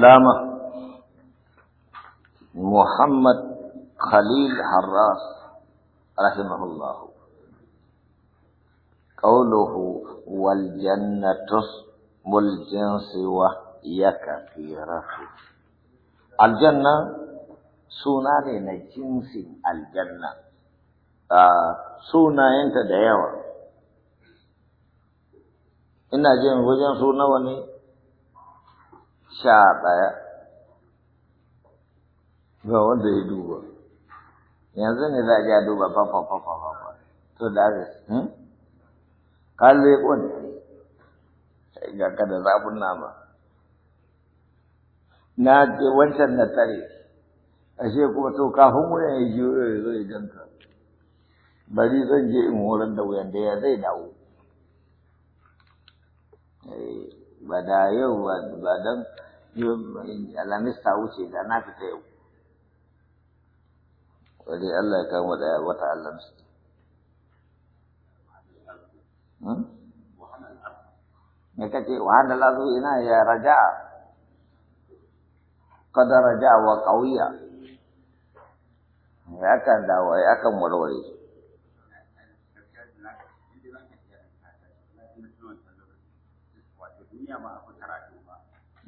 العلامة محمد خليل حراس رحمه الله قوله والجنة والجنس وهي كثيرة الجنة suna ne na jinsin aljanna sunayenta da yawa ina jin wajen su nawa ne sha ɗaya ga wanda ya duba yanzu ne za a ja duba fafa fafa fafa to hmm? da aka kalle kun ga kada zafin nama na je wancan na tare ashe kuma to kafin wuyan ya jiyo ya zo ya janka bari zan je in horar da wuyan da ya zai dawo eh, ba da yau ba dan alhamis ta wuce da na fita yau wani Allah ya kama da wata Al'amista. Hmm? me kace wahala lazu ina ya raja kada raja wa qawiya ya kan dawo ya kan warware duniya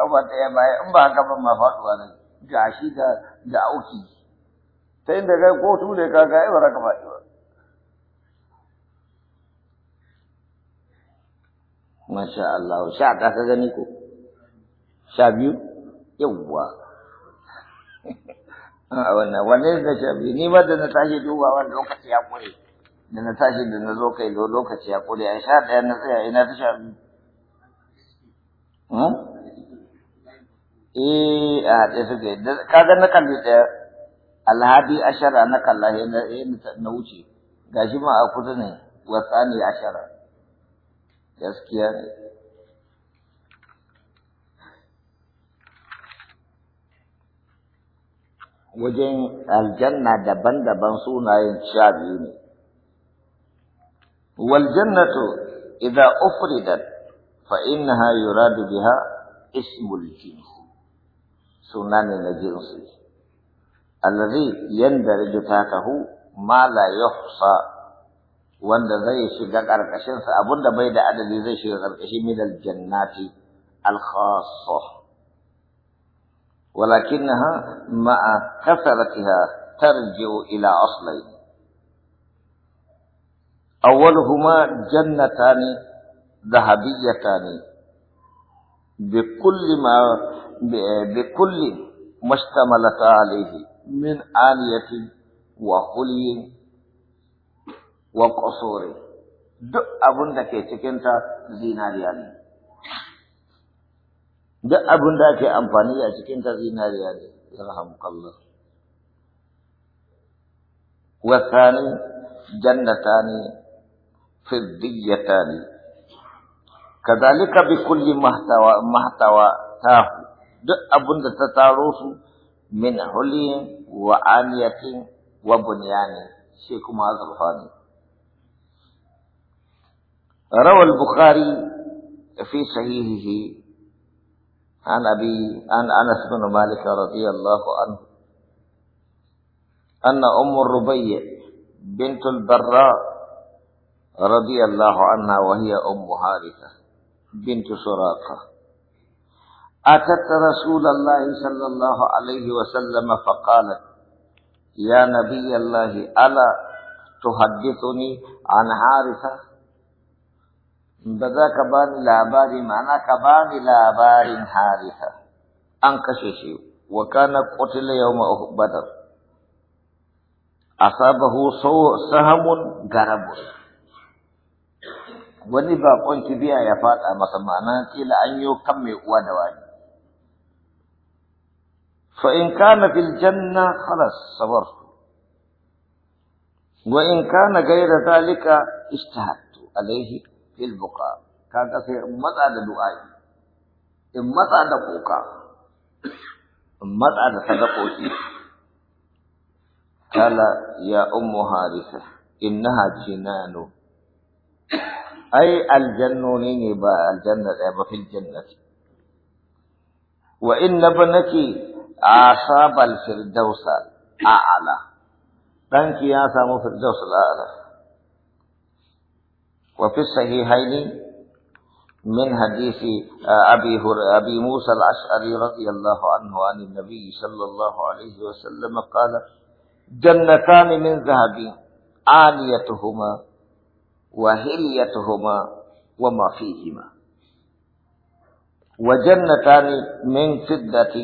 kafa ɗaya baya in ba kafa ma faɗuwa ne ga shi da da auki ta inda kai ko ne ka ga ai ba za ka faɗi ba masha Allah sha ka ka gani ko sha biyu yawwa a wannan wannan da sha biyu ni ma da na tashi wani lokaci ya kure da na tashi da na zo kai lokaci ya kure a sha ɗaya na tsaya ina ta sha biyu eh a ah, haɗe eh, eh, eh, suke kaga na kalli ɗaya alhadi ashara na kalla na wuce gashi ma a kusa ne wasa ne ashara gaskiya ne wajen aljanna daban-daban sunayen sha biyu ne waljannatu idza ufridat fa innaha yuradu biha ismul jinsi suna ne na jinsi allazi yandarju tatahu ma la yuhsa wanda zai shiga karkashin sa abinda bai da adadi zai shiga karkashi min aljannati alkhassa ولكنها مع كثرتها ترجع إلى أصلين أولهما جنتان ذهبيتان بكل ما بكل ما اشتملت عليه من آلية وخلي وقصور دو أبن دكي تكنت زيناريا دو أبن دكي أمفانية تكنت زيناريا يرحمك الله والثاني جنتان فضيتان كذلك بكل ما احتوى تاه duk abin da ta taro su min huliyin wa aniyatin wa bunyani sai kuma azurfani روى البخاري في صحيحه عن أبي عن أنس بن مالك رضي الله عنه أن أم الربيع بنت البراء رضي الله عنها وهي أم حارثة بنت سراقة أتت رسول الله صلى الله عليه وسلم فقالت يا نبي الله ألا تحدثني عن حارثة بذا كباني لاباري معنا كباني لاباري حارثة أنكششي وكان قتل يوم بدر أصابه سهم غرب wani bakon kibiya ya fada masa ma'ana kila an yi kan mai uwa da wani فإن كان في الجنة خلاص صبرت وإن كان غير ذلك اجتهدت عليه في البقاء كذا في متى الدعاء إن متى دقوقا إن متى تدقوقي قال يا أم هارثة إنها جنان أي الجنونين نيني با الجنة في الجنة وإن ابنك أصاب الفردوس اعلى دنك يا سامو فردوس الأعلى وفي الصحيحين من حديث أبي, هر... أبي موسى الأشعري رضي الله عنه عن النبي صلى الله عليه وسلم قال جنتان من ذهب آنيتهما وهليتهما وما فيهما وجنتان من فضة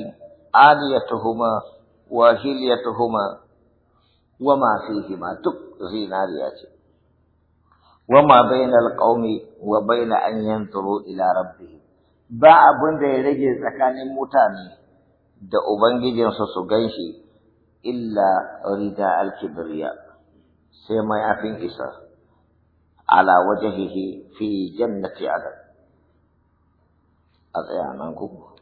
aliyatuhuma wa hiliyatuhuma wa ma fihima duk zinariya ce wa ma baina alqaumi wa baina an yanzuru ila rabbih ba abin da ya rage tsakanin mutane da ubangijinsu su ganshi illa rida alkibriya sai mai afin isa ala wajhihi fi jannati adam a tsaya nan kuma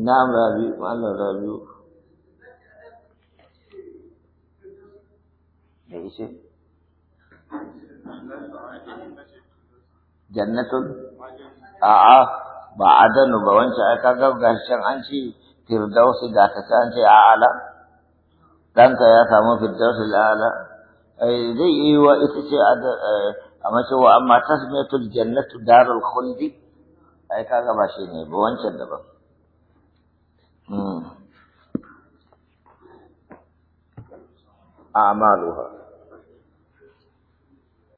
Na'am Rabi, Malam Rabi. Me dice? Jannatul? A'a, ba adanu ba wancan ai kaga gashin an ci firdausi ga an ce a'ala. Danka ya samu firdausi la'ala. Zai yi wa ita ce eh, a mace wa amma tasmiyatul jannatu darul khuldi ai kaga ba shi ne ba wancan daban. أعمالها